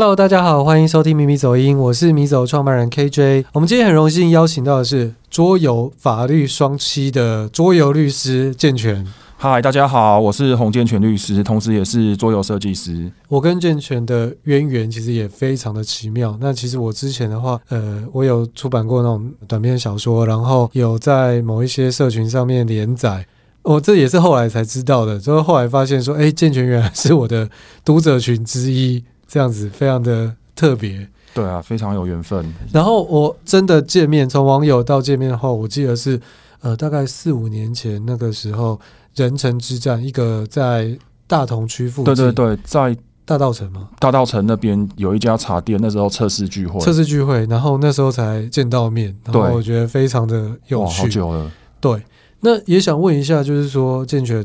Hello，大家好，歡迎收聽《迷迷走音》，我是迷走創辦人 KJ。我們今天很榮幸邀請到的是桌遊法律雙棲的桌遊律師建全。嗨，大家好，我是洪建全律師，同時也是桌遊設計師。我跟建全的淵源其實也非常的奇妙。那其實我之前的話，呃，我有出版過那種短篇小說，然後有在某一些社群上面連載。我、哦、這也是後來才知道的，就是後來發現說，哎，建全原來是我的讀者群之一。這樣子非常的特別，對啊，非常有緣分。然後我真的見面，從網友到見面的話，我記得是呃，大概四五年前那個時候，仁城之戰，一個在大同區附近，對對對，在大稻埕嘛，大稻埕那邊有一家茶店，那時候測試聚會，測試聚會，然後那時候才見到面，然後我覺得非常的有趣，好久了。對，那也想問一下，就是說健全，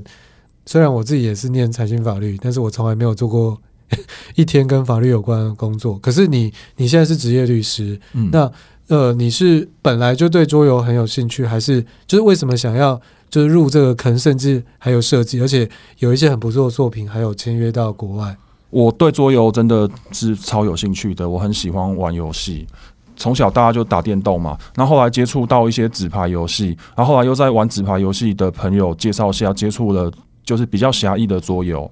雖然我自己也是念財經法律，但是我從來沒有做過。一天跟法律有關的工作，可是你，你現在是職業律師，嗯，那呃，你是本來就對桌遊很有興趣，還是就是為什麼想要就是入這個坑，甚至還有設計，而且有一些很不錯的作品，還有簽約到國外。我對桌遊真的是超有興趣的，我很喜歡玩遊戲，從小大家就打電動嘛，然後後來接觸到一些紙牌遊戲，然後後來又在玩紙牌遊戲的朋友介紹下接觸了，就是比較狹義的桌遊。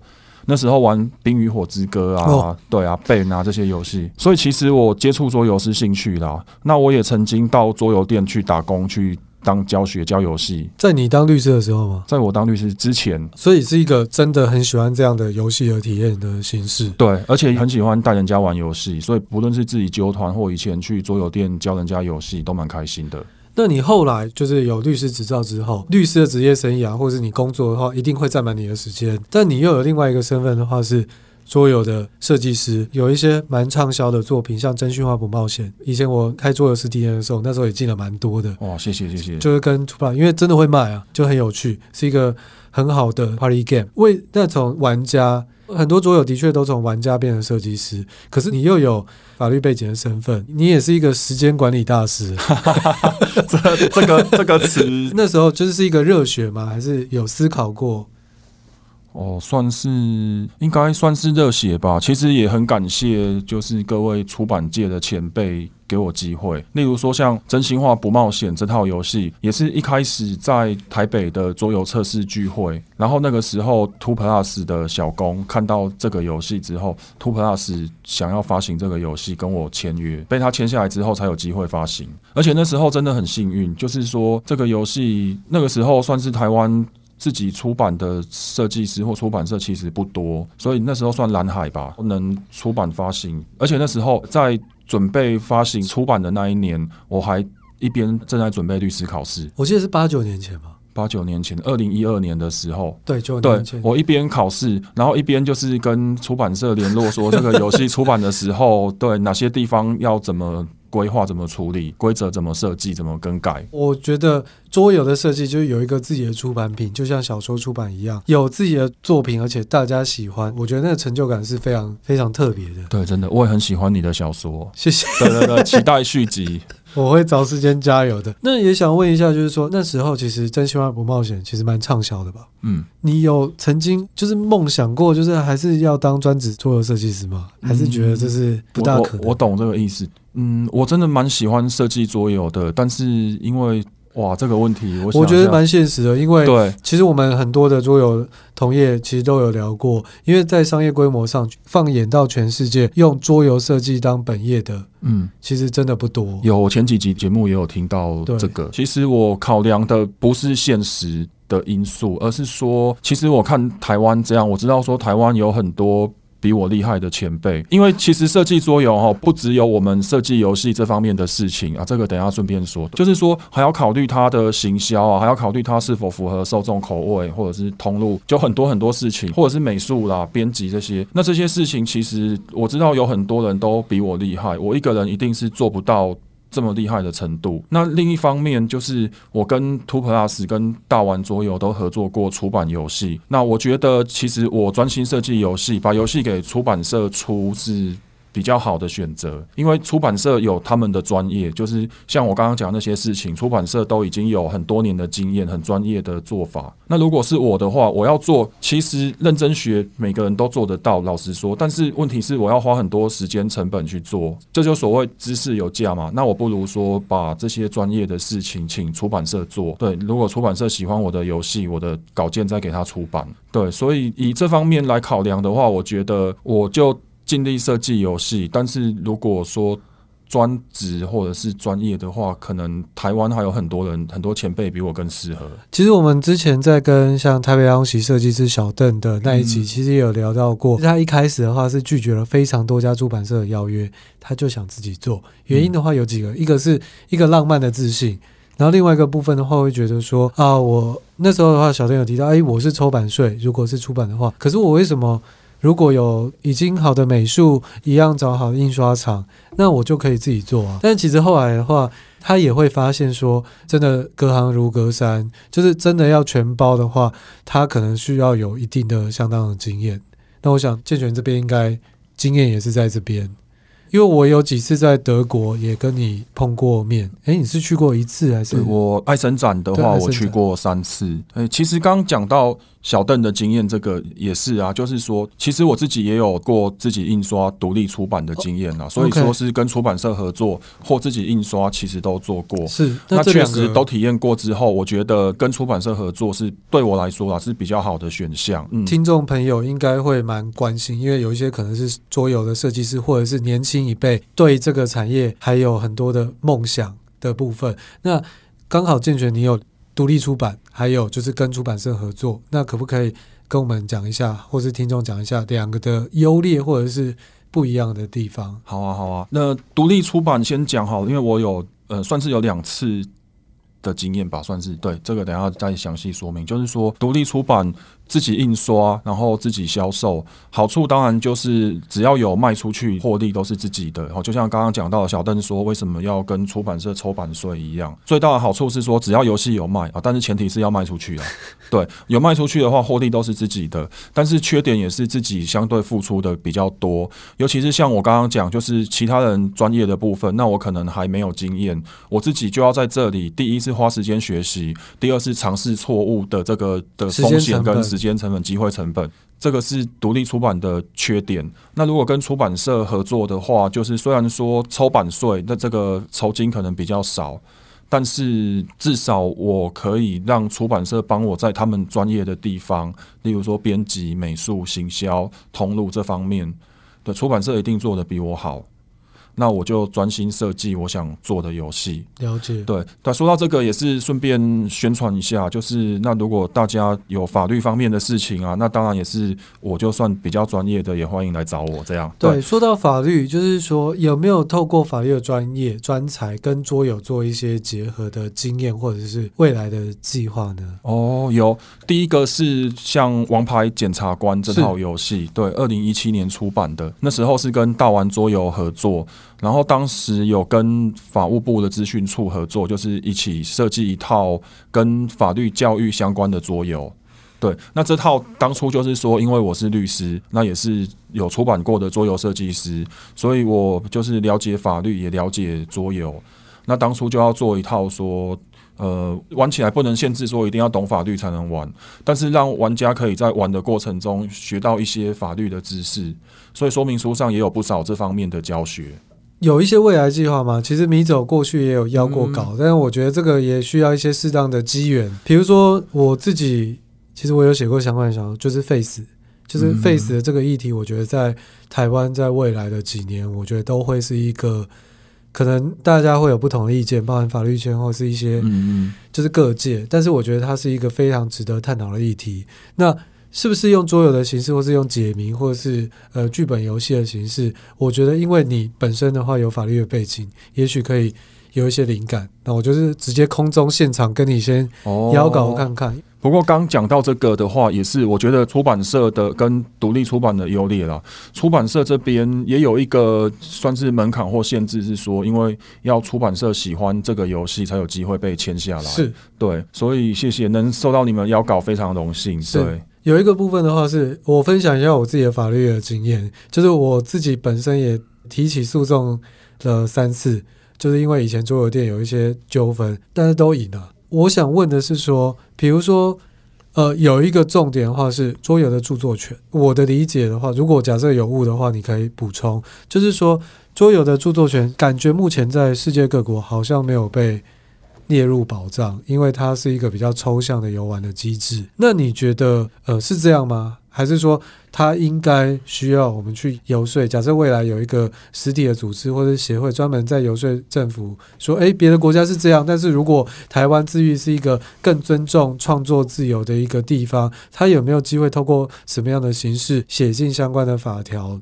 那時候玩《冰與火之歌》啊，對啊，BANG 啊，這些遊戲，所以其實我接觸桌遊是興趣啦。那我也曾經到桌遊店去打工，去當教學，教遊戲。在你當律師的時候嗎？在我當律師之前。所以是一個真的很喜歡這樣的遊戲和體驗的形式。對，而且很喜歡帶人家玩遊戲，所以不論是自己揪團，或以前去桌遊店教人家遊戲，都蠻開心的。那你後來就是有律師執照之後，律師的職業生涯，或者是你工作的話，一定會佔滿你的時間。但你又有另外一個身份的話，是桌遊的設計師，有一些蠻暢銷的作品，像《真心話不冒險》。以前我開桌遊實體店的時候，那時候也進了蠻多的。哦，謝謝謝謝。就是跟出版，因為真的會賣啊，就很有趣，是一個很好的 party game。為那種玩家。很多桌友的確都從玩家變成設計師，可是你又有法律背景的身份，你也是一個時間管理大師。 這、這個、這個詞， 那時候就是一個熱血嗎？還是有思考過？哦，算是應該算是熱血吧。其實也很感謝，就是各位出版界的前輩給我機會。例如說，像《真心話不冒險》這套遊戲，也是一開始在台北的桌遊測試聚會，然後那個時候 2PLUS 的小工看到這個遊戲之後，2PLUS 想要發行這個遊戲，跟我簽約，被他簽下來之後才有機會發行。而且那時候真的很幸運，就是說這個遊戲那個時候算是台灣。自己出版的設計師或出版社其實不多，所以那時候算藍海吧，能出版發行。而且那時候在準備發行出版的那一年，我還一邊正在準備律師考試。我記得是八九年前吧，八九年前，二零一二年的時候，對就對，我一邊考試，然後一邊就是跟出版社聯絡，說這個遊戲出版的時候， 對哪些地方要怎麼。規劃怎麼處理，規則怎麼設計，怎麼更改？我覺得桌遊的設計就是有一個自己的出版品，就像小說出版一樣，有自己的作品，而且大家喜歡。我覺得那個成就感是非常非常特別的。對，真的，我也很喜歡你的小說，謝謝。對對對，期待續集， 我會找時間加油的。那也想問一下，就是說那時候其實真心話不冒險，其實蠻暢銷的吧？嗯，你有曾經就是夢想過，就是還是要當專職桌遊設計師嗎？嗯？還是覺得這是不大可能？我，我，我懂這個意思。嗯，我真的蠻喜歡設計桌遊的，但是因為哇，這個問題我想一下，我我覺得蠻現實的，因為對，其實我們很多的桌遊同業其實都有聊過，因為在商業規模上，放眼到全世界，用桌遊設計當本業的，嗯，其實真的不多。有前幾集節目也有聽到這個，其實我考量的不是現實的因素，而是說，其實我看台灣這樣，我知道說台灣有很多。比我厲害的前輩，因為其實設計桌遊哈，不只有我們設計遊戲這方面的事情啊。這個等一下順便說，就是說還要考慮它的行銷啊，還要考慮它是否符合受眾口味，或者是通路，就很多很多事情，或者是美術啦、編輯這些。那這些事情其實我知道有很多人都比我厲害，我一個人一定是做不到。這麼厲害的程度。那另一方面，就是我跟 2PLUS 跟大玩桌遊都合作過出版遊戲。那我覺得，其實我專心設計遊戲，把遊戲給出版社出是比較好的選擇，因為出版社有他們的專業，就是像我剛剛講的那些事情，出版社都已經有很多年的經驗，很專業的做法。那如果是我的話，我要做，其實認真學，每個人都做得到，老實說。但是問題是，我要花很多時間成本去做，這就所謂知識有價嘛。那我不如說把這些專業的事情請出版社做。對，如果出版社喜歡我的遊戲，我的稿件再給他出版。對，所以以這方面來考量的話，我覺得我就。盡力設計遊戲，但是如果說專職或者是專業的話，可能台灣還有很多人，很多前輩比我更適合。其實我們之前在跟像台北大空襲設計師小鄧的那一集，嗯、其實也有聊到過，他一開始的話是拒絕了非常多家出版社的邀約，他就想自己做。原因的話有幾個、嗯，一個是一個浪漫的自信，然後另外一個部分的話會覺得說啊、呃，我那時候的話，小鄧有提到，哎、欸，我是抽版稅，如果是出版的話，可是我為什麼？如果有已經好的美術，一樣找好的印刷廠，那我就可以自己做啊。但其實後來的話，他也會發現說，真的隔行如隔山，就是真的要全包的話，他可能需要有一定的相當的經驗。那我想建全這邊應該經驗也是在這邊，因為我有幾次在德國也跟你碰過面。哎、欸，你是去過一次還是？對，我埃森展的話展，我去過三次。誒、欸，其實剛講到。小鄧的經驗，這個也是啊，就是說，其實我自己也有過自己印刷、獨立出版的經驗啊、哦，所以說是跟出版社合作、哦 okay、或自己印刷，其實都做過。是，這兩個那確實都體驗過之後，我覺得跟出版社合作是對我來說啊是比較好的選項、嗯。聽眾朋友應該會蠻關心，因為有一些可能是桌遊的設計師，或者是年輕一輩對這個產業還有很多的夢想的部分。那剛好建全，你有。獨立出版，還有就是跟出版社合作，那可不可以跟我們講一下，或是聽眾講一下兩個的優劣，或者是不一樣的地方？好啊，好啊。那獨立出版先講好，因為我有呃，算是有兩次的經驗吧，算是對這個等下再詳細說明。就是說，獨立出版。自己印刷，然後自己銷售，好處當然就是只要有賣出去，獲利都是自己的。然後就像剛剛講到，小鄧說為什麼要跟出版社抽版稅一樣，最大的好處是說只要遊戲有賣啊，但是前提是要賣出去啊。 對，有賣出去的話，獲利都是自己的。但是缺點也是自己相對付出的比較多，尤其是像我剛剛講，就是其他人專業的部分，那我可能還沒有經驗，我自己就要在這裡，第一是花時間學習，第二是嘗試錯誤的這個的風險跟時間。時間成本、機會成本，這個是獨立出版的缺點。那如果跟出版社合作的話，就是雖然說抽版稅，那這個酬金可能比較少，但是至少我可以讓出版社幫我在他們專業的地方，例如說編輯、美術、行銷、通路這方面的出版社一定做得比我好。那我就專心設計我想做的遊戲。了解。對。對，但說到這個也是順便宣傳一下，就是那如果大家有法律方面的事情啊，那當然也是我就算比較專業的，也歡迎來找我這樣。對，對說到法律，就是說有沒有透過法律的專業專才跟桌遊做一些結合的經驗，或者是未來的計劃呢？哦，有。第一個是像《王牌檢察官》這套遊戲，對，二零一七年出版的，那時候是跟大玩桌遊合作。然後當時有跟法務部的資訊處合作，就是一起設計一套跟法律教育相關的桌遊。對，那這套當初就是說，因為我是律師，那也是有出版過的桌遊設計師，所以我就是了解法律，也了解桌遊。那當初就要做一套說，呃，玩起來不能限制說一定要懂法律才能玩，但是讓玩家可以在玩的過程中學到一些法律的知識。所以說明書上也有不少這方面的教學。有一些未來計劃嗎？其實迷走過去也有邀過稿，嗯，但是我覺得這個也需要一些適當的機緣。比如說我自己，其實我有寫過相關的小說，就是 face，就是 face 的這個議題，嗯，我覺得在台灣在未來的幾年，我覺得都會是一個可能大家會有不同的意見，包含法律圈或是一些，嗯、就是各界，但是我覺得它是一個非常值得探討的議題。那是不是用桌遊的形式，或是用解謎，或是呃劇本遊戲的形式？我覺得，因為你本身的話有法律的背景，也許可以有一些靈感。那我就是直接空中現場跟你先哦、邀稿看看。不過剛講到這個的話，也是我覺得出版社的跟獨立出版的優劣啦。出版社這邊也有一個算是門檻或限制，是說因為要出版社喜歡這個遊戲，才有機會被簽下來。是對，所以謝謝能收到你們邀稿，非常榮幸。對。有一個部分的話，是我分享一下我自己的法律的經驗，就是我自己本身也提起訴訟了三次，就是因為以前桌遊店有一些糾紛，但是都贏了。我想問的是說，比如說，呃，有一個重點的話是桌遊的著作權，我的理解的話，如果假設有誤的話，你可以補充，就是說桌遊的著作權，感覺目前在世界各國好像沒有被列入保障，因為它是一個比較抽象的遊玩的機制。那你覺得，呃，是這樣嗎？還是說它應該需要我們去遊說？假設未來有一個實體的組織或者協會，專門在遊說政府，說，誒，別的國家是這樣，但是如果台灣自癒是一個更尊重創作自由的一個地方，它有沒有機會透過什麼樣的形式寫進相關的法條？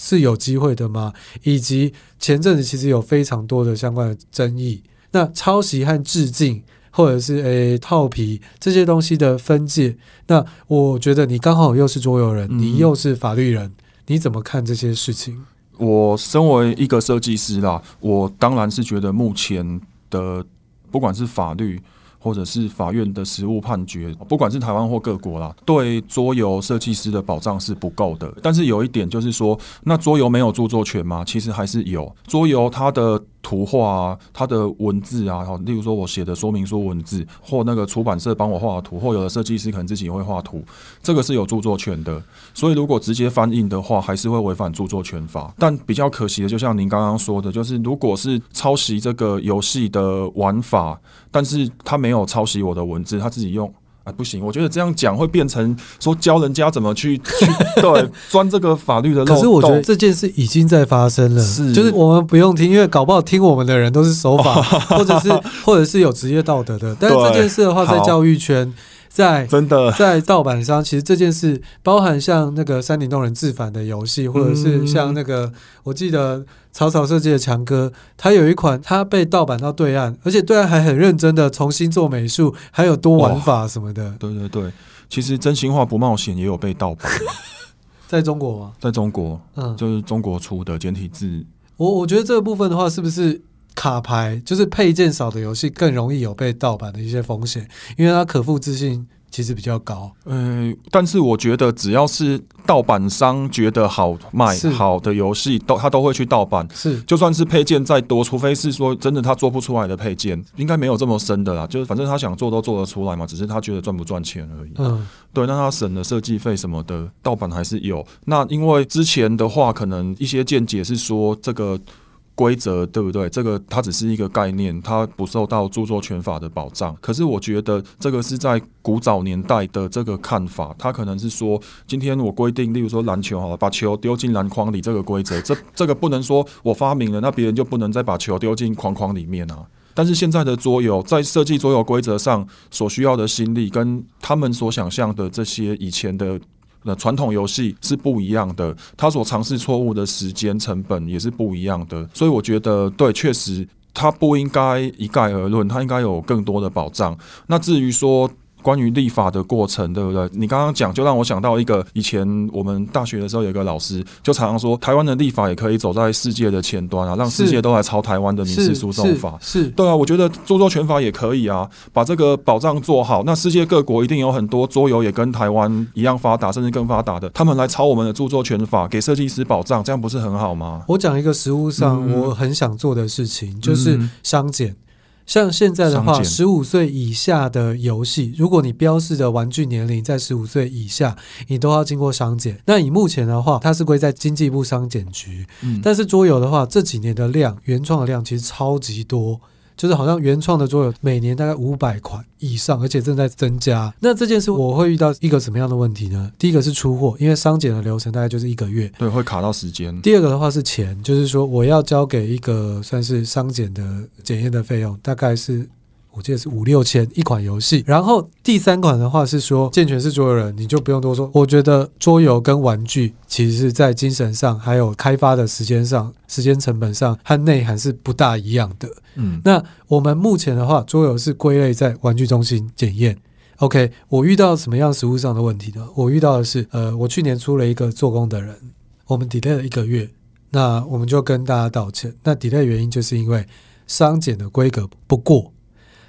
是有機會的嗎？以及前陣子其實有非常多的相關的爭議。那抄襲和致敬，或者是誒、欸、套皮這些東西的分界，那我覺得你剛好又是桌遊人、嗯，你又是法律人，你怎麼看這些事情？我身為一個設計師啦，我當然是覺得目前的不管是法律或者是法院的實務判決，不管是台灣或各國啦，對桌遊設計師的保障是不夠的。但是有一點就是說，那桌遊沒有著作權嗎？其實還是有桌遊它的。圖畫啊，它的文字啊，例如說我寫的說明書文字，或那個出版社幫我畫的圖，或有的設計師可能自己也會畫圖，這個是有著作權的。所以如果直接翻印的話，還是會違反著作權法。但比較可惜的，就像您剛剛說的，就是如果是抄襲這個遊戲的玩法，但是他沒有抄襲我的文字，他自己用。不行，我覺得這樣講會變成說教人家怎麼去 去對鑽這個法律的漏洞。可是我覺得這件事已經在發生了，是就是我們不用聽，因為搞不好聽我們的人都是守法， 或者是或者是有職業道德的。但是這件事的話，在教育圈。在真的在盜版上，其實這件事包含像那個《山頂洞人自反》的遊戲，或者是像那個、嗯、我記得草草設計的強哥，他有一款他被盜版到對岸，而且對岸還很認真的重新做美術，還有多玩法什麼的。哦，對對對，其實真心話不冒險也有被盜版， 在中國嗎？在中國，嗯，就是中國出的簡體字。我我覺得這個部分的話，是不是？卡牌就是配件少的遊戲更容易有被盜版的一些風險，因為它可複制性其實比較高。嗯、呃，但是我覺得只要是盜版商覺得好賣好的遊戲，都他都會去盜版。是，就算是配件再多，除非是說真的他做不出來的配件，應該沒有這麼深的啦。就是反正他想做都做得出來嘛，只是他覺得賺不賺錢而已。嗯，對，那他省了設計費什麼的，盜版還是有。那因為之前的話，可能一些見解是說這個。規則對不對？這個它只是一個概念，它不受到著作權法的保障。可是我覺得這個是在古早年代的這個看法，它可能是說，今天我規定，例如說籃球好了，把球丟進籃筐裡這，這個規則，這這個不能說我發明了，那別人就不能再把球丟進框框裡面啊。但是現在的桌遊在設計桌遊規則上所需要的心力，跟他們所想象的這些以前的。那傳統遊戲是不一樣的，它所嘗試錯誤的時間成本也是不一樣的。所以我覺得對，確實它不應該一概而論，它應該有更多的保障。那至於說，關於立法的過程，對不對？你剛剛講，就讓我想到一個以前我們大學的時候，有一個老師就常常說，台灣的立法也可以走在世界的前端啊，讓世界都來抄台灣的民事訴訟法。是，是，是，是，對啊，我覺得著作權法也可以啊，把這個保障做好，那世界各國一定有很多桌遊也跟台灣一樣發達，甚至更發達的，他們來抄我們的著作權法，給設計師保障，這樣不是很好嗎？我講一個實務上我很想做的事情，嗯、就是相減。嗯像現在的話，十五歲以下的遊戲，如果你標示的玩具年齡在十五歲以下，你都要經過商檢。那以目前的話，它是歸在經濟部商檢局。嗯，但是桌遊的話，這幾年的量，原創的量其實超級多。就是好像原創的桌遊每年大概五百款以上，而且正在增加。那這件事我會遇到一個什麼樣的問題呢？第一個是出貨，因為商檢的流程大概就是一個月，對，會卡到時間。第二個的話是錢，就是說我要交給一個算是商檢的檢驗的費用，大概是。我記得是五六千一款遊戲，然後第三款的話是說健全，是桌遊人，你就不用多說。我覺得桌遊跟玩具其實在精神上，還有開發的時間上、時間成本上和內涵是不大一樣的。嗯，那我們目前的話，桌遊是歸類在玩具中心檢驗。OK，我遇到什麼樣實物上的問題呢？我遇到的是，呃，我去年出了一個做工的人，我們 delay 了一個月，那我們就跟大家道歉。那 delay 原因，就是因為商檢的規格不過。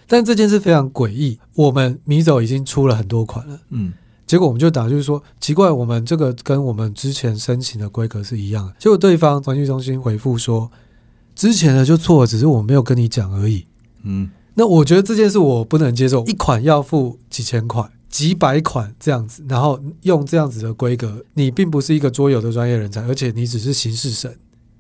但這件事非常詭異，我們迷走已經出了很多款了，嗯，結果我們就打就是說，奇怪，我們這個跟我們之前申請的規格是一樣的，結果對方傳訊中心回復說，之前的就錯了，只是我沒有跟你講而已，嗯，那我覺得這件事我不能接受，一款要付幾千塊、幾百款這樣子，然後用這樣子的規格，你並不是一個桌遊的專業人才，而且你只是形式審。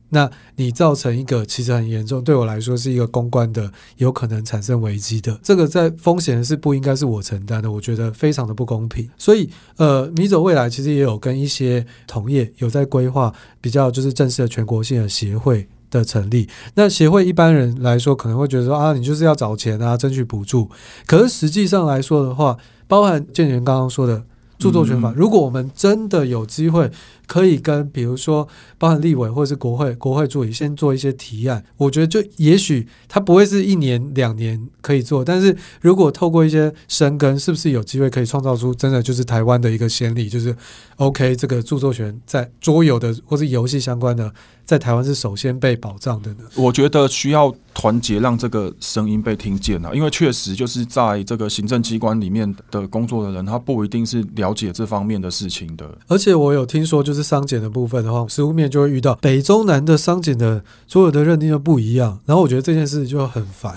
那你造成一個其實很嚴重，對我來說是一個公關的，有可能產生危機的。這個在風險是不應該是我承擔的，我覺得非常的不公平。所以，呃，迷走未來其實也有跟一些同業有在規劃比較，就是正式的全國性的協會的成立。那協會一般人來說可能會覺得說啊，你就是要找錢啊，爭取補助。可是實際上來說的話，包含建全剛剛說的著作權法，嗯，如果我們真的有機會。可以跟比如說，包含立委或者是國會、國會助理先做一些提案。我覺得就也許他不會是一年兩年可以做，但是如果透過一些深耕，是不是有機會可以創造出真的就是台灣的一個先例？就是 OK，這個著作權在桌遊的或是遊戲相關的，在台灣是首先被保障的呢？我覺得需要團結，讓這個聲音被聽見啊！因為確實就是在這個行政機關裡面的工作的人，他不一定是了解這方面的事情的。而且我有聽說，就是商檢的部分的話，實務面就會遇到北中南的商檢的所有的認定就不一樣。然後我覺得這件事就很煩。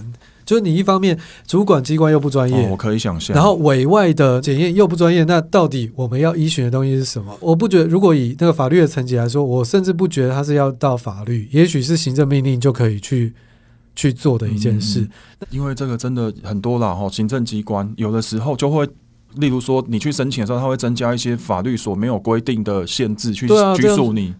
所以你一方面主管機關又不專業，哦，我可以想象，然後委外的檢驗又不專業，那到底我們要依循的東西是什麼？我不覺得，如果以那個法律的層級來說，我甚至不覺得他是要到法律，也許是行政命令就可以去去做的一件事，嗯。因為這個真的很多了哈，行政機關有的時候就會，例如說你去申請的時候，他會增加一些法律所沒有規定的限制去拘束你。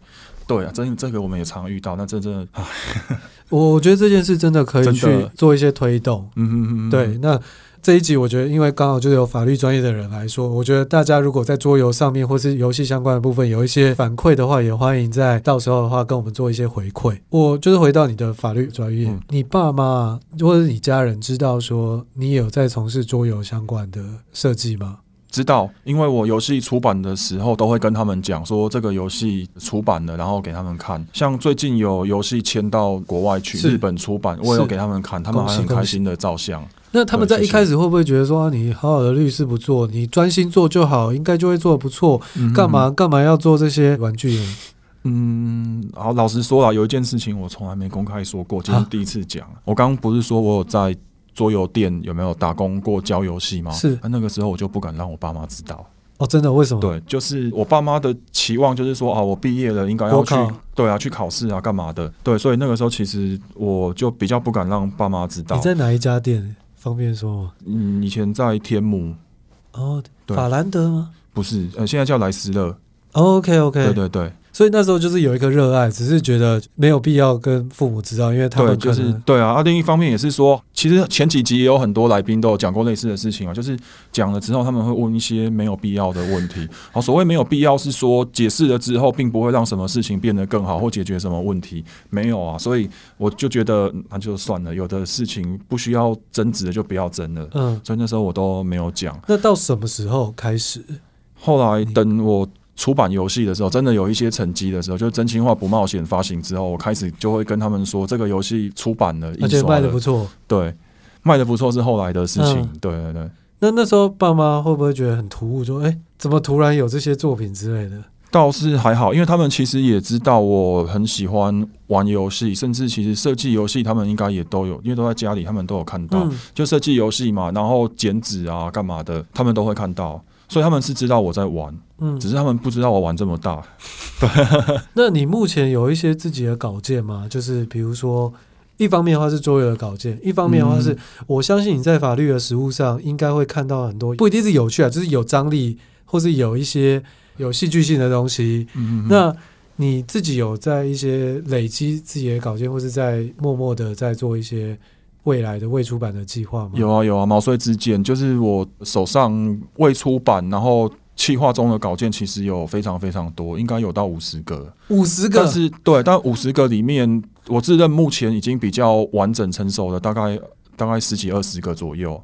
對啊，這這個我們也常遇到。那這真的 我覺得這件事真的可以去做一些推動。嗯嗯嗯。對嗯哼哼哼，那這一集我覺得，因為剛好就是有法律專業的人來說，我覺得大家如果在桌遊上面或是遊戲相關的部分有一些反饋的話，也歡迎在到時候的話跟我們做一些回饋。我就是回到你的法律專業，嗯、你爸媽或者是你家人知道說你有在從事桌遊相關的設計嗎？知道，因為我遊戲出版的時候，都會跟他們講說這個遊戲出版了，然後給他們看。像最近有遊戲遷到國外去，日本出版，我也有給他們看，他們還很開心的照相。那他們在一開始會不會覺得說、啊，你好好的律師不做，你專心做就好，應該就會做得不錯？嗯、幹嘛幹嘛要做這些玩具？嗯，好，老實說啦，有一件事情我從來沒公開說過，今天是第一次講。我剛不是說我有在。桌遊店有沒有打工過，教遊戲嗎？是。啊，那個時候我就不敢讓我爸媽知道。哦，真的？為什麼？對，就是我爸媽的期望，就是說啊，我畢業了應該要去，對啊，去考試啊，幹嘛的？對，所以那個時候其實我就比較不敢讓爸媽知道。你在哪一家店？方便說嗎？嗯，以前在天母。哦，對。法蘭德嗎？不是，呃，現在叫萊斯勒。哦，OK，OK，okay, okay，對對對。所以那時候就是有一個熱愛，只是覺得沒有必要跟父母知道，因為他們就是對啊。啊，另一方面也是說，其實前幾集也有很多來賓都有講過類似的事情啊，就是講了之後他們會問一些沒有必要的問題。好，所謂沒有必要是說解釋了之後並不會讓什麼事情變得更好或解決什麼問題，沒有啊。所以我就覺得那、嗯、就算了，有的事情不需要爭執的就不要爭了。嗯，所以那時候我都沒有講。那到什麼時候開始？後來等我。出版遊戲的時候，真的有一些成績的時候，就是真心話不冒險發行之後，我開始就會跟他們說這個遊戲出版了，印刷了，而且賣得不錯。對，賣得不錯是後來的事情、嗯。對對對。那那時候爸媽會不會覺得很突兀，說誒、欸，怎麼突然有這些作品之類的？倒是還好，因為他們其實也知道我很喜歡玩遊戲，甚至其實設計遊戲他們應該也都有，因為都在家裡，他們都有看到，嗯、就設計遊戲嘛，然後剪紙啊幹嘛的，他們都會看到。所以他們是知道我在玩，嗯，只是他們不知道我玩這麼大。那你目前有一些自己的稿件嗎？就是比如說，一方面的話是桌遊的稿件，一方面的話是、嗯、我相信你在法律的實務上應該會看到很多，不一定是有趣啊，就是有張力，或是有一些有戲劇性的東西、嗯。那你自己有在一些累積自己的稿件，或是在默默的在做一些？未來的未出版的計劃嗎？有啊有啊，毛遂自薦，就是我手上未出版然後企劃中的稿件，其實有非常非常多，應該有到五十個，五十個但是對，但五十個裡面，我自認目前已經比較完整成熟的，大概大概十幾二十個左右。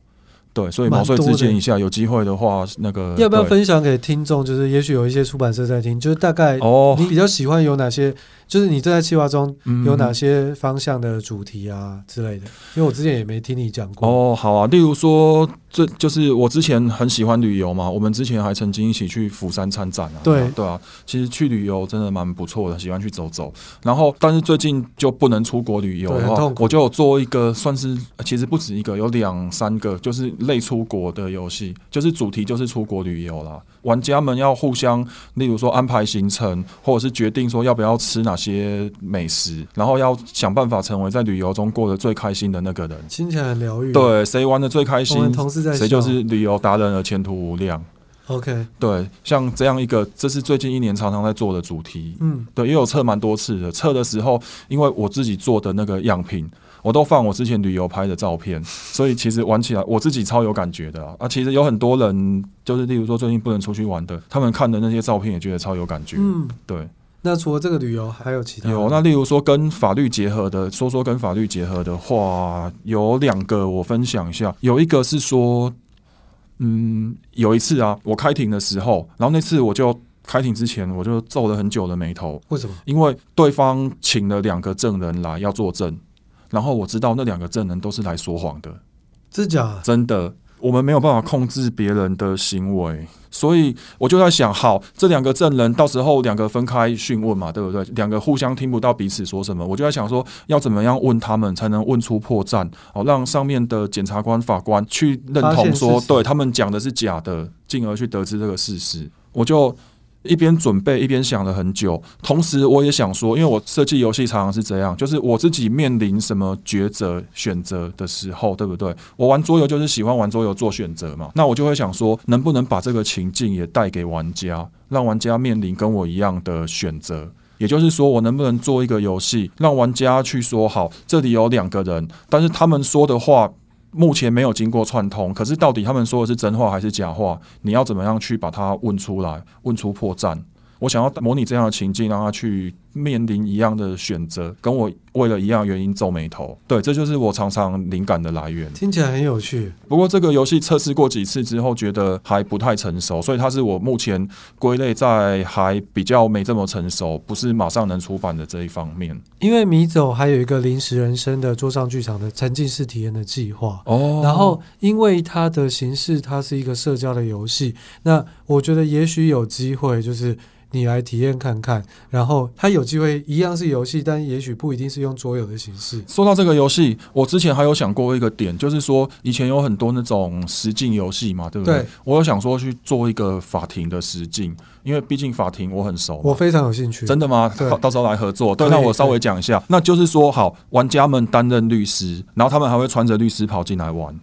對，所以毛遂自薦一下有機會的話，那個要不要分享給聽眾？就是也許有一些出版社在聽，就是大概哦，你比較喜歡有哪些？哦就是你這在企劃中有哪些方向的主題啊之類的？嗯、因為我之前也沒聽你講過哦。好啊，例如說，這就是我之前很喜歡旅遊嘛。我們之前還曾經一起去釜山參展啊，對啊對啊，其實去旅遊真的蠻不錯的，喜歡去走走。然後，但是最近就不能出國旅遊，然後我就有做一個算是，其實不止一個，有兩三個，就是類出國的遊戲，就是主題就是出國旅遊了。玩家們要互相，例如說安排行程，或者是決定說要不要吃哪些美食，然後要想辦法成為在旅遊中過得最開心的那個人，聽起來很療癒。對，誰玩得最開心，誰就是旅遊達人的前途無量。OK，對，像這樣一個，這是最近一年常常在做的主題。嗯，對，因為我測蠻多次的。測的時候，因為我自己做的那個樣品，我都放我之前旅遊拍的照片，所以其實玩起來我自己超有感覺的 啊。其實有很多人，就是例如說最近不能出去玩的，他們看的那些照片也覺得超有感覺。嗯，對。那除了這個旅遊，還有其他？有，那例如說跟法律結合的，說說跟法律結合的話，有兩個我分享一下。有一個是說，嗯，有一次啊，我開庭的時候，然後那次我就開庭之前我就皺了很久的眉頭，為什麼？因為對方請了兩個證人來要作證，然後我知道那兩個證人都是來說謊的，真假？真的。我們沒有辦法控制別人的行為，所以我就在想，好，這兩個證人到時候兩個分開訊問嘛，對不對？兩個互相聽不到彼此說什麼，我就在想說，要怎麼樣問他們才能問出破綻，好，讓上面的檢察官、法官去認同說，對，他們講的是假的，進而去得知這個事實，我就。一邊準備一邊想了很久，同時我也想說，因為我設計遊戲常常是這樣，就是我自己面臨什麼抉擇選擇的時候，對不對？我玩桌遊就是喜歡玩桌遊做選擇嘛，那我就會想說，能不能把這個情境也帶給玩家，讓玩家面臨跟我一樣的選擇？也就是說，我能不能做一個遊戲，讓玩家去說好，這裡有兩個人，但是他們說的話。目前沒有經過串通，可是到底他們說的是真話還是假話？你要怎麼樣去把他問出來，問出破綻？我想要模擬這樣的情境，讓他去。面臨一樣的選擇，跟我為了一樣原因，皺眉頭。對，這就是我常常靈感的來源。聽起來很有趣，不過這個遊戲測試過幾次之後，覺得還不太成熟，所以它是我目前歸類在還比較沒這麼成熟，不是馬上能出版的這一方面。因為迷走還有一個臨時人生的桌上劇場的沉浸式體驗的計劃。哦。然後，因為它的形式，它是一個社交的遊戲，那我覺得也許有機會，就是。你來體驗看看，然後他有機會一樣是遊戲，但也許不一定是用桌遊的形式。說到這個遊戲，我之前還有想過一個點，就是說以前有很多那種實境遊戲嘛，對不對？對，我有想說去做一個法庭的實境，因為畢竟法庭我很熟，我非常有興趣。真的嗎？對，到時候來合作。對，那我稍微講一下，那就是說，好，玩家們擔任律師，然後他們還會穿着律師袍進來玩。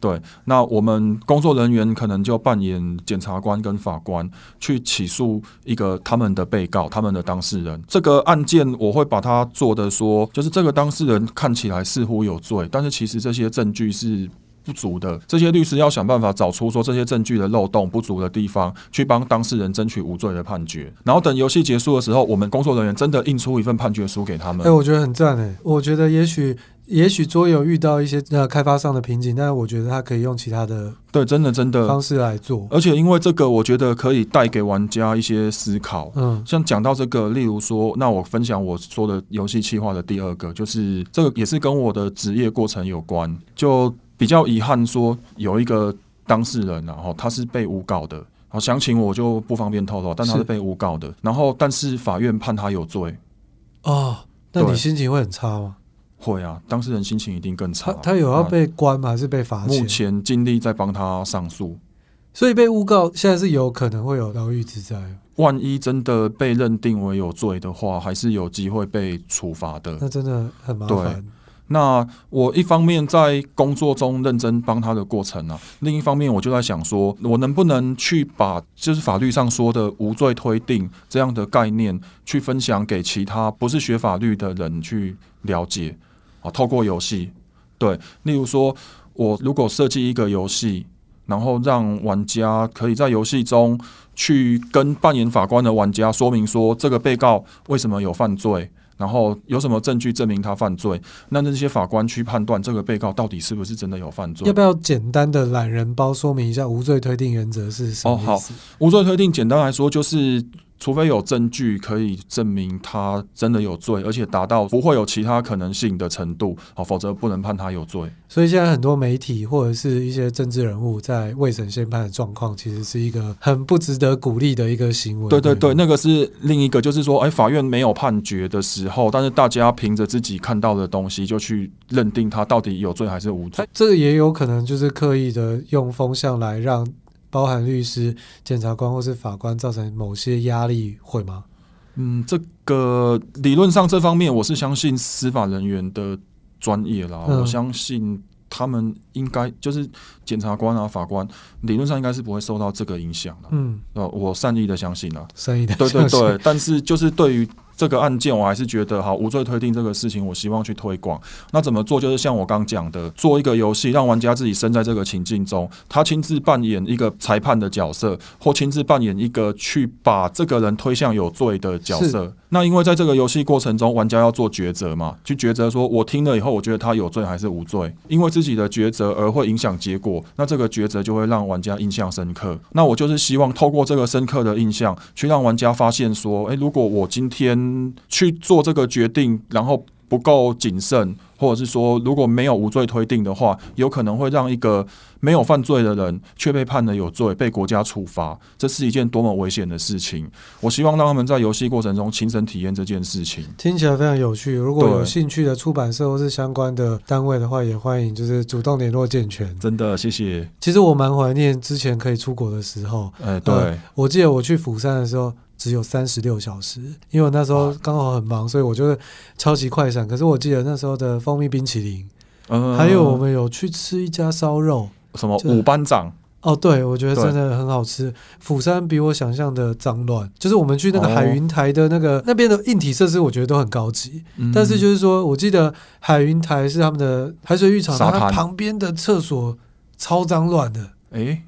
對，那我們工作人員可能就扮演檢察官跟法官，去起訴一個他們的被告，他們的當事人。這個案件我會把它做得說，就是這個當事人看起來似乎有罪，但是其實這些證據是不足的。這些律師要想辦法找出說這些證據的漏洞、不足的地方，去幫當事人爭取無罪的判決。然後等遊戲結束的時候，我們工作人員真的印出一份判決書給他們。欸，我覺得很讚欸，我覺得也許。也許桌遊遇到一些那、呃、開發上的瓶頸，但我覺得他可以用其他的對真的真的方式來做。而且因為這個，我覺得可以帶給玩家一些思考。嗯，像講到這個，例如說，那我分享我說的遊戲企劃的第二個，就是這個也是跟我的職業過程有關。就比較遺憾說，有一個當事人、啊，然、喔、後他是被誣告的。然後詳情我就不方便透露，但他是被誣告的，然後但是法院判他有罪。哦，那你心情會很差嗎？會啊，當事人心情一定更差。他他有要被關嗎？啊、還是被罰？目前盡力在幫他上訴，所以被誣告現在是有可能會有牢獄之災。萬一真的被認定為有罪的話，還是有機會被處罰的。那真的很麻煩。對。那我一方面在工作中認真幫他的過程呢、啊，另一方面我就在想說，我能不能去把就是法律上說的無罪推定這樣的概念，去分享給其他不是學法律的人去了解。啊，透過遊戲，對，例如說，我如果設計一個遊戲，然後讓玩家可以在遊戲中去跟扮演法官的玩家說明說，這個被告為什麼有犯罪，然後有什麼證據證明他犯罪，那那些法官去判斷這個被告到底是不是真的有犯罪，要不要簡單的懶人包說明一下無罪推定原則是什麼？哦，好，無罪推定簡單來說就是。除非有證據可以證明他真的有罪，而且達到不會有其他可能性的程度，好、哦，否則不能判他有罪。所以現在很多媒體或者是一些政治人物在未審先判的狀況，其實是一個很不值得鼓勵的一個行為。對對對，對那個是另一個，就是說，哎，法院沒有判決的時候，但是大家憑着自己看到的東西就去認定他到底有罪還是無罪，欸、這個也有可能就是刻意的用風向來讓。包含律師、檢察官或是法官造成某些壓力會嗎？嗯，這個理論上，這方面我是相信司法人員的專業啦，嗯、我相信他們應該就是檢察官啊、法官，理論上應該是不會受到這個影響的。嗯，哦，我善意的相信啦，善意的，對對對，但是就是對於。這個案件我還是覺得好無罪推定這個事情，我希望去推廣。那怎麼做？就是像我剛講的，做一個遊戲，讓玩家自己身在這個情境中，他親自扮演一個裁判的角色，或親自扮演一個去把這個人推向有罪的角色。那因為在這個遊戲過程中，玩家要做抉擇嘛，去抉擇說我聽了以後，我覺得他有罪還是無罪？因為自己的抉擇而會影響結果。那這個抉擇就會讓玩家印象深刻。那我就是希望透過這個深刻的印象，去讓玩家發現說，誒，如果我今天。嗯，去做這個決定，然後不夠謹慎，或者是說，如果沒有無罪推定的話，有可能會讓一個沒有犯罪的人卻被判了有罪，被國家處罰，這是一件多麼危險的事情。我希望讓他們在遊戲過程中親身體驗這件事情。聽起來非常有趣。如果有興趣的出版社或是相關的單位的話，也歡迎就是主動聯絡建全。真的，謝謝。其實我蠻懷念之前可以出國的時候。哎、欸，對、呃，我記得我去釜山的時候只有三十六小時，因為我那時候剛好很忙，所以我覺得超級快閃。可是我記得那時候的蜂蜜冰淇淋，嗯、還有我們有去吃一家燒肉，什麼五班長哦，對我覺得真的很好吃。釜山比我想象的髒亂，就是我們去那個海雲台的那個、哦、那邊的硬體設施，我覺得都很高級。嗯、但是就是說，我記得海雲台是他們的海水浴場，它旁邊的廁所超髒亂的。誒、欸，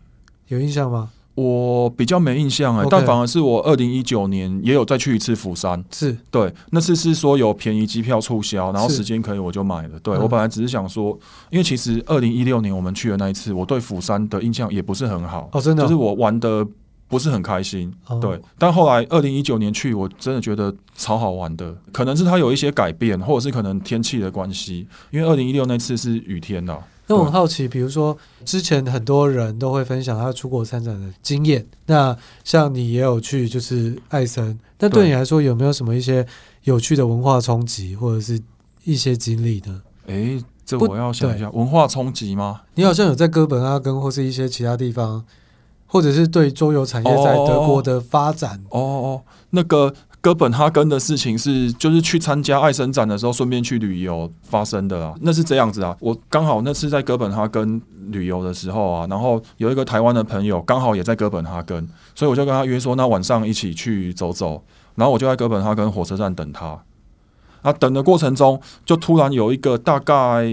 有印象嗎？我比較沒印象哎、欸，Okay. 但反而是我二零一九年也有再去一次釜山，是對，那次是說有便宜機票促銷，然後時間可以我就買了。對、嗯、我本來只是想說，因為其實二零一六年我們去的那一次，我對釜山的印象也不是很好哦，真的、哦，就是我玩得不是很開心。哦、對，但後來二零一九年去，我真的覺得超好玩的，可能是它有一些改變，或者是可能天氣的關係，因為二零一六那次是雨天了。都很好奇，比如說之前很多人都會分享他出國參展的經驗，那像你也有去，就是艾森，那對你來說有沒有什麼一些有趣的文化衝擊或者是一些經歷呢？哎、欸，這我要想一下，文化衝擊嗎？你好像有在哥本哈根或是一些其他地方，或者是對桌遊產業在德國的發展哦哦，哦哦，那個。哥本哈根的事情是，就是去參加愛生展的時候，順便去旅遊發生的啊。那是這樣子啊，我剛好那次在哥本哈根旅遊的時候啊，然後有一個台灣的朋友剛好也在哥本哈根，所以我就跟他約說，那晚上一起去走走。然後我就在哥本哈根火車站等他。啊，等的過程中，就突然有一個大概，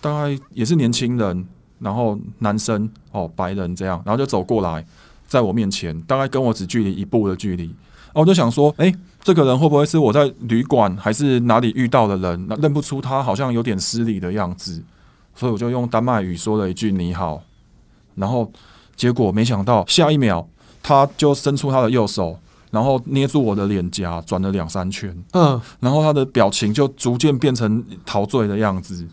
大概也是年輕人，然後男生哦，白人這樣，然後就走過來，在我面前，大概跟我只距離一步的距離。我就想說，誒、欸，這個人會不會是我在旅館還是哪裡遇到的人？那認不出他，好像有點失禮的樣子，所以我就用丹麥語說了一句“你好”。然後結果沒想到，下一秒他就伸出他的右手，然後捏住我的臉頰，轉了兩三圈。嗯，然後他的表情就逐漸變成陶醉的樣子。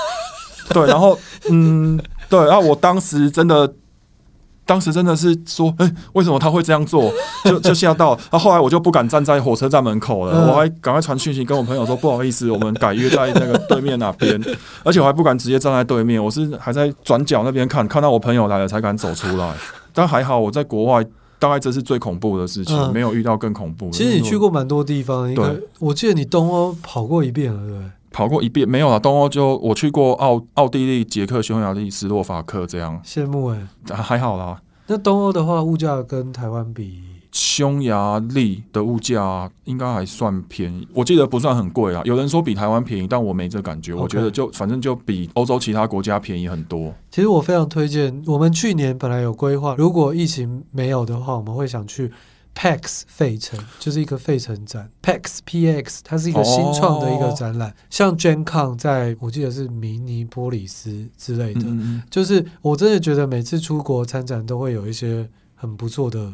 對，然後嗯，對，然後啊我當時真的。當時真的是說，哎、欸，為什麼他會這樣做？就就嚇到了。那後，後來我就不敢站在火車站門口了，嗯、我還趕快傳訊息跟我朋友說、嗯，不好意思，我們改約在那個對面那邊、嗯。而且我還不敢直接站在對面，我是還在轉角那邊看，看到我朋友來了才敢走出來。但還好我在國外，大概這是最恐怖的事情，嗯、沒有遇到更恐怖的。其實你去過蠻多地方，對，我記得你東歐跑過一遍了，對。跑過一遍沒有了，東歐就我去過奧奧地利、捷克、匈牙利、斯洛伐克這樣。羨慕誒、欸，還好啦。那東歐的話，物價跟台灣比？匈牙利的物價應該還算便宜，我記得不算很貴啦。有人說比台灣便宜，但我沒這感覺。Okay、我覺得就反正就比歐洲其他國家便宜很多。其實我非常推薦，我們去年本來有規劃，如果疫情沒有的話，我們會想去。Pax 費城就是一個費城展。Pax PX，它是一個新創的一個展覽，哦、像 Gen Con 在，我記得是明尼波里斯之類的。嗯嗯，就是我真的覺得每次出國參展都會有一些很不錯的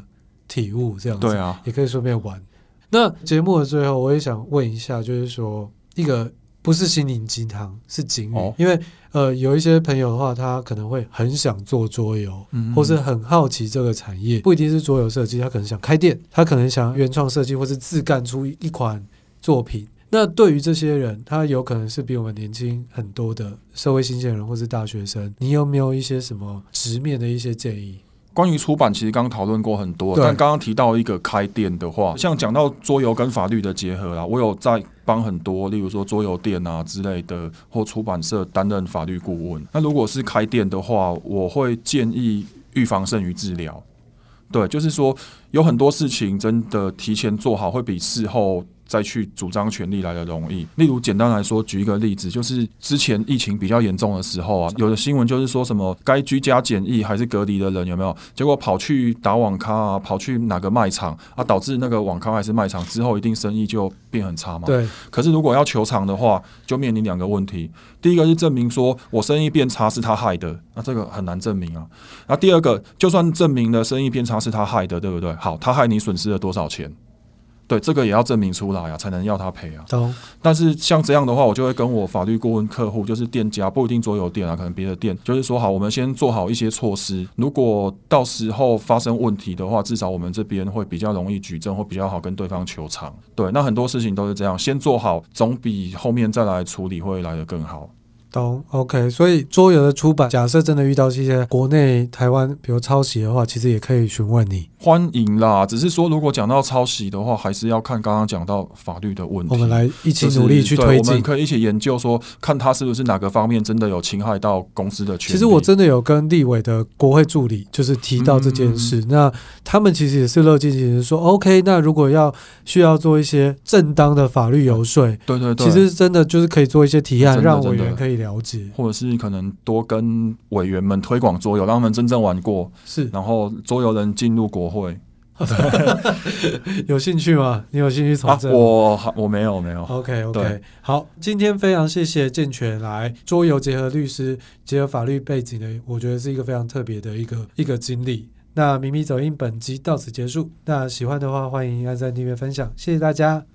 體悟，這樣子，對啊，也可以順便玩。那節目的最後，我也想問一下，就是說一個。不是心靈雞湯，是警語。因為呃，有一些朋友的話，他可能會很想做桌遊，或是很好奇這個產業，不一定是桌遊設計，他可能想開店，他可能想原創設計，或是自幹出一,一款作品。那對於這些人，他有可能是比我們年輕很多的社會新鮮人，或是大學生。你有沒有一些什麼直面的一些建議？關於出版，其實剛剛討論過很多。但剛剛提到一個開店的話，像講到桌遊跟法律的結合啦，我有在幫很多，例如說桌遊店啊之類的，或出版社擔任法律顧問。那如果是開店的話，我會建議預防勝於治療。對，就是說有很多事情真的提前做好，會比事後。再去主張權利來得容易，例如簡單來說，舉一個例子，就是之前疫情比較嚴重的時候啊，有的新聞就是說什麼該居家檢疫還是隔離的人有沒有？結果跑去打網咖啊，跑去哪個賣場啊，導致那個網咖還是賣場之後一定生意就變很差嘛。對。可是如果要求償的話，就面臨兩個問題，第一個是證明說我生意變差是他害的，啊，那這個很難證明啊，啊。那第二個，就算證明了生意變差是他害的，對不對？好，他害你損失了多少錢？對，這個也要證明出來啊，才能要他賠啊。都，但是像這樣的話，我就會跟我法律顧問客戶，就是店家不一定桌遊店啊，可能別的店，就是說好，我們先做好一些措施，如果到時候發生問題的話，至少我們這邊會比較容易舉證，會比較好跟對方求償。對，那很多事情都是這樣，先做好，總比後面再來處理會來得更好。都 OK，所以桌遊的出版，假設真的遇到一些國內台灣，比如抄襲的話，其實也可以詢問你。歡迎啦，只是說如果講到抄襲的話，還是要看剛剛講到法律的問題。我們來一起努力去推進、就是，我們可以一起研究說，看他是不是，是哪個方面真的有侵害到公司的權。其實我真的有跟立委的國會助理就是提到這件事，嗯、那他們其實也是樂見其成，說、嗯、OK。那如果要需要做一些正當的法律遊說，對，對對對，其實真的就是可以做一些提案，讓委員可以。了解，或者是可能多跟委員們推廣桌遊，讓他們真正玩過。是，然後桌遊人進入國會， 有興趣嗎？你有興趣從政、啊，我我沒有我沒有。OK OK，好，今天非常謝謝建全來桌遊結合律師結合法律背景的，我覺得是一個非常特別的一個一個經歷。那迷迷走音，本集到此結束。那喜歡的話，歡迎按讚、訂閱、分享，謝謝大家。